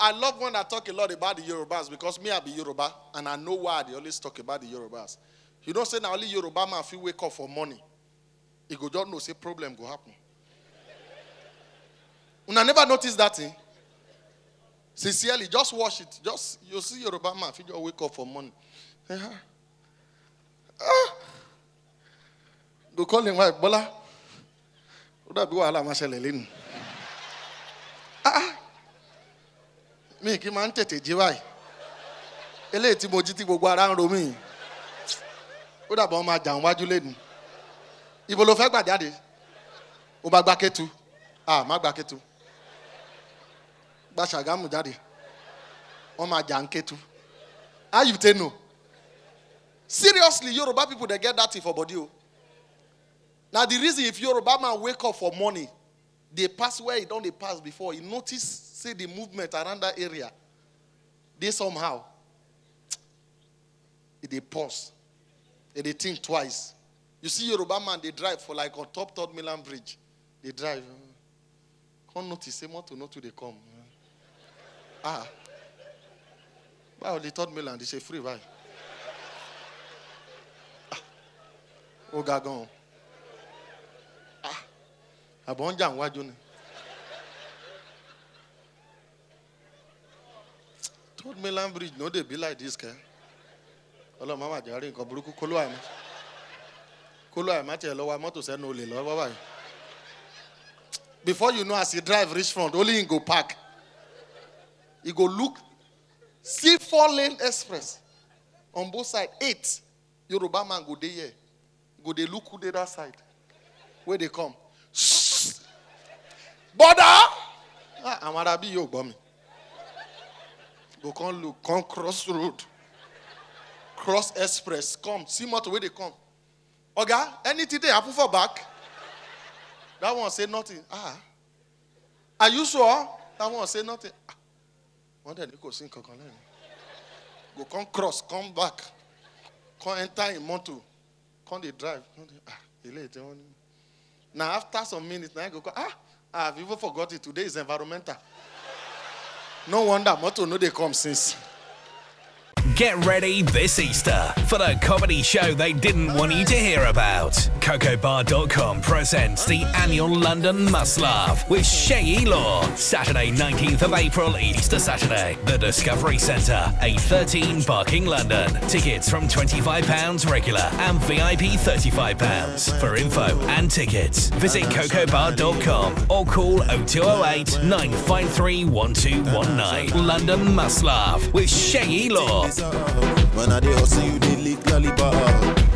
I love when I talk a lot about the Yorubas because me, I be Yoruba, and I know why they always talk about the Yorubas. You don't say now only Yoruba man if you wake up for money. He go don't know say problem go happen. Una never notice that thing. Sincerely, just watch it. Just you see Yoruba man if you just wake up for money. Eh, ah. ah. Go call him wife, Bola. Would that be what I'm mi kì í máa ń tètè jí báyìí eléyìí tí mo jí tí gbogbo ara ń ro mí ó dàbọ̀ wọn máa jà ń wájú lẹ́nu ibo ló fẹ́ gbà jáde ó bá gba kétu à má gba kétu gba ṣàgámù jáde wọn máa jà ń kétu how you take know seriously Yoruba people dey get that thing for body o na the reason if Yoruba man wake up for morning They pass where he not they pass before. He notice, See the movement around that area. They somehow, they pause. And they think twice. You see Yoruba man, they drive for like on top third Milan bridge. They drive. Can't notice, say more to know to they come. Ah. Wow, on the third Milan? They say free, why? Ah. Oh, God, àbọ̀ ń jà ń wájú ni. told me land bridge no dey be like this kẹ́ ọlọ́mọ àwọn àjàrí nǹkan burúkú kólú àmì kólú àmì àti ẹ̀lọ́wà mọ́tò sẹ́nu olè lọ́wọ́ báyìí before you know as you drive reach front only him go park he go look see four lane express on both side eight yoruba man go dey here go dey look who dey that side wey dey come bọ́dà ah, àwọn ará bí yóò gbọ́ mi go come look come cross road cross express come see motor wey dey come oga anything dey happen for back that one say nothing ah are you sure that one say nothing ah one day kò sí nǹkan kan go come cross come back come enter in motor come dey drive come dey ah eléyìí tí wọ́n ní. Now, after some minutes, now I go, ah, I've even forgotten Today is environmental. no wonder, motto no they come since. Get ready this Easter for the comedy show they didn't want you to hear about. CocoBar.com presents the annual London Must Laugh with Shay Law. Saturday, 19th of April, Easter Saturday. The Discovery Centre, 813 Barking London. Tickets from £25 regular and VIP £35. For info and tickets, visit CocoBar.com or call 0208 953 1219. London Must Laugh with Shay Law. When I they hustle you, they lick lollipop.